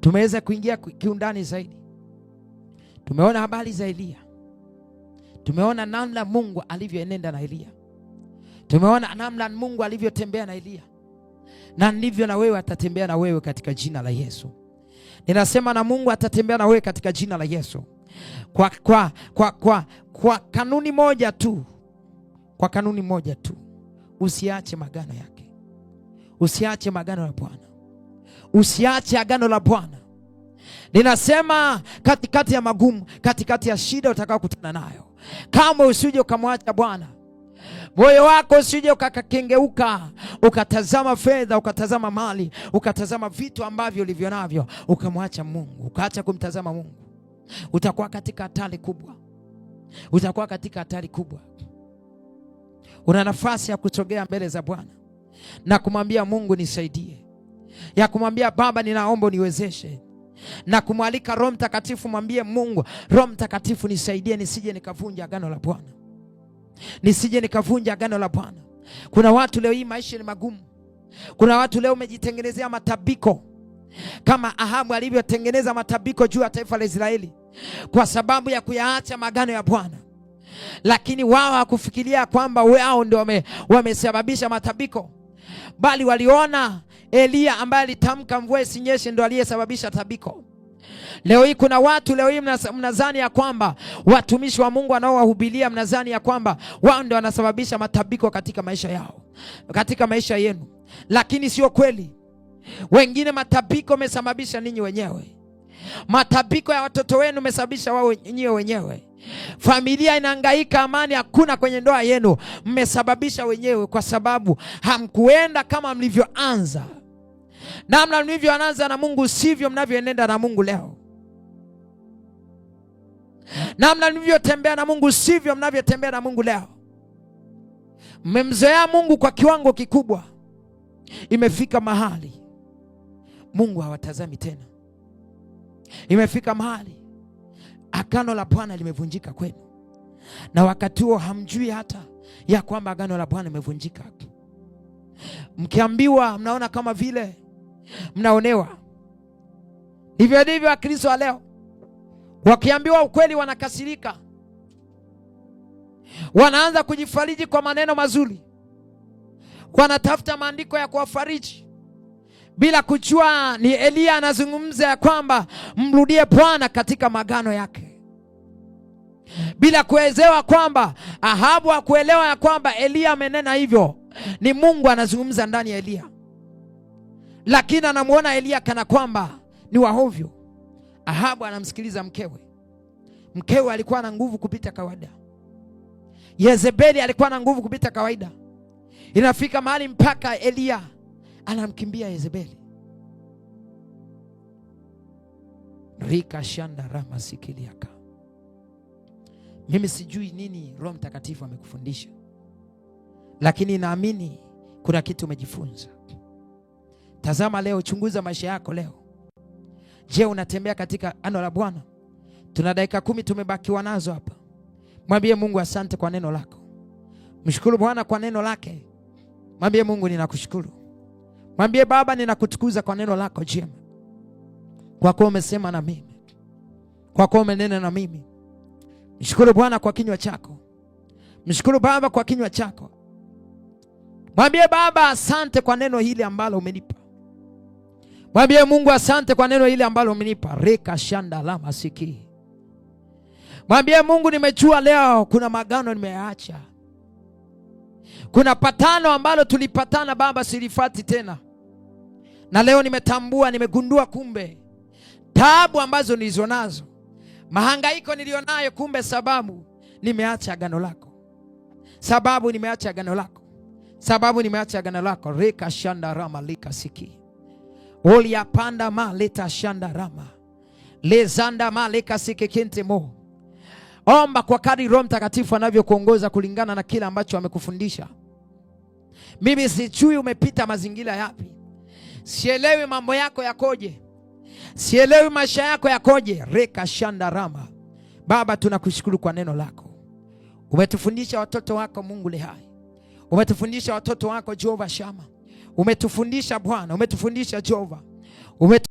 Tumeweza kuingia kiundani zaidi, tumeona habari za Eliya, tumeona namna Mungu alivyoenenda na Eliya, tumeona namna Mungu alivyotembea na Eliya, na ndivyo na wewe atatembea na wewe katika jina la Yesu. Ninasema na Mungu atatembea na wewe katika jina la Yesu, kwa, kwa, kwa, kwa, kwa kanuni moja tu, kwa kanuni moja tu, usiache magano yake, usiache magano ya Bwana. Usiache agano la Bwana. Ninasema katikati ya magumu, katikati ya shida utakayokutana nayo, kama usije ukamwacha Bwana. Moyo wako usije ukakengeuka, ukatazama fedha, ukatazama mali, ukatazama vitu ambavyo ulivyo navyo, ukamwacha Mungu, ukaacha kumtazama Mungu. Utakuwa katika hatari kubwa, utakuwa katika hatari kubwa. Una nafasi ya kusogea mbele za Bwana na kumwambia Mungu, nisaidie ya kumwambia Baba, ninaomba uniwezeshe na kumwalika Roho Mtakatifu, mwambie Mungu, Roho Mtakatifu nisaidie, nisije nikavunja agano la Bwana, nisije nikavunja agano la Bwana. Kuna watu leo hii maisha ni magumu. Kuna watu leo umejitengenezea matabiko kama Ahabu alivyotengeneza matabiko juu ya taifa la Israeli kwa sababu ya kuyaacha magano ya Bwana, lakini wao hakufikiria kwamba wao ndio wamesababisha matabiko, bali waliona Eliya ambaye alitamka mvua isinyeshe ndo aliyesababisha tabiko. Leo hii kuna watu leo hii mnadhani ya kwamba watumishi wa Mungu wanaowahubilia, mnadhani ya kwamba wao ndio wanasababisha matabiko katika maisha yao, katika maisha yenu, lakini sio kweli. Wengine matabiko mesababisha ninyi wenyewe, matabiko ya watoto wenu mesababisha wao nyiwe wenyewe. Familia inahangaika, amani hakuna kwenye ndoa yenu, mmesababisha wenyewe, kwa sababu hamkuenda kama mlivyoanza. Namna mlivyoanza na Mungu sivyo mnavyoenenda na Mungu leo. Namna mlivyotembea na Mungu sivyo mnavyotembea na Mungu leo. Mmemzoea Mungu kwa kiwango kikubwa, imefika mahali Mungu hawatazami tena. Imefika mahali agano la Bwana limevunjika kwenu, na wakati huo hamjui hata ya kwamba agano la Bwana limevunjika. Mkiambiwa mnaona kama vile mnaonewa. Hivyo ndivyo Wakristo wa leo, wakiambiwa ukweli wanakasirika, wanaanza kujifariji kwa maneno mazuri, wanatafuta maandiko ya kuwafariji bila kujua ni Eliya anazungumza ya kwamba mrudie Bwana katika magano yake, bila kuwezewa kwamba Ahabu hakuelewa ya kwamba Eliya amenena hivyo, ni Mungu anazungumza ndani ya Eliya lakini anamwona Eliya kana kwamba ni wahovyo. Ahabu anamsikiliza mkewe. Mkewe alikuwa na nguvu kupita kawaida. Yezebeli alikuwa na nguvu kupita kawaida. Inafika mahali mpaka Eliya anamkimbia Yezebeli. rika shanda rama sikiliaka. Mimi sijui nini Roho Mtakatifu amekufundisha, lakini naamini kuna kitu umejifunza. Tazama leo, chunguza maisha yako leo. Je, unatembea katika ano la Bwana? Tuna dakika kumi tumebakiwa nazo hapa. Mwambie Mungu asante kwa neno lako. Mshukuru Bwana kwa neno lake. Mwambie Mungu ninakushukuru. Mwambie Baba ninakutukuza kwa neno lako jema. Kwa kuwa umesema na mimi. Kwa kuwa umenena na mimi. Mshukuru Bwana kwa kinywa chako. Mshukuru Baba kwa kinywa chako. Mwambie Baba asante kwa neno hili ambalo umenipa. Mwambie Mungu asante kwa neno hili ambalo umenipa. reka shanda la masiki. Mwambie Mungu nimechua leo, kuna magano nimeacha kuna patano ambalo tulipatana Baba, silifati tena, na leo nimetambua, nimegundua kumbe taabu ambazo nilizo nazo, mahangaiko nilionayo, kumbe sababu nimeacha agano lako, sababu nimeacha agano lako, sababu nimeacha agano lako. reka shanda rama lika sikii Oliapanda ma leta shanda rama lezanda ma leka mo. Omba kwa kadri Roho Mtakatifu anavyokuongoza kulingana na kile ambacho amekufundisha. Mimi sijui umepita mazingira yapi, sielewi mambo yako yakoje, sielewi maisha yako yakoje. Reka shanda rama. Baba, tunakushukuru kwa neno lako. Umetufundisha watoto wako Mungu lehai umetufundisha watoto wako Jehova Shama Umetufundisha Bwana, umetufundisha Jehova, umetu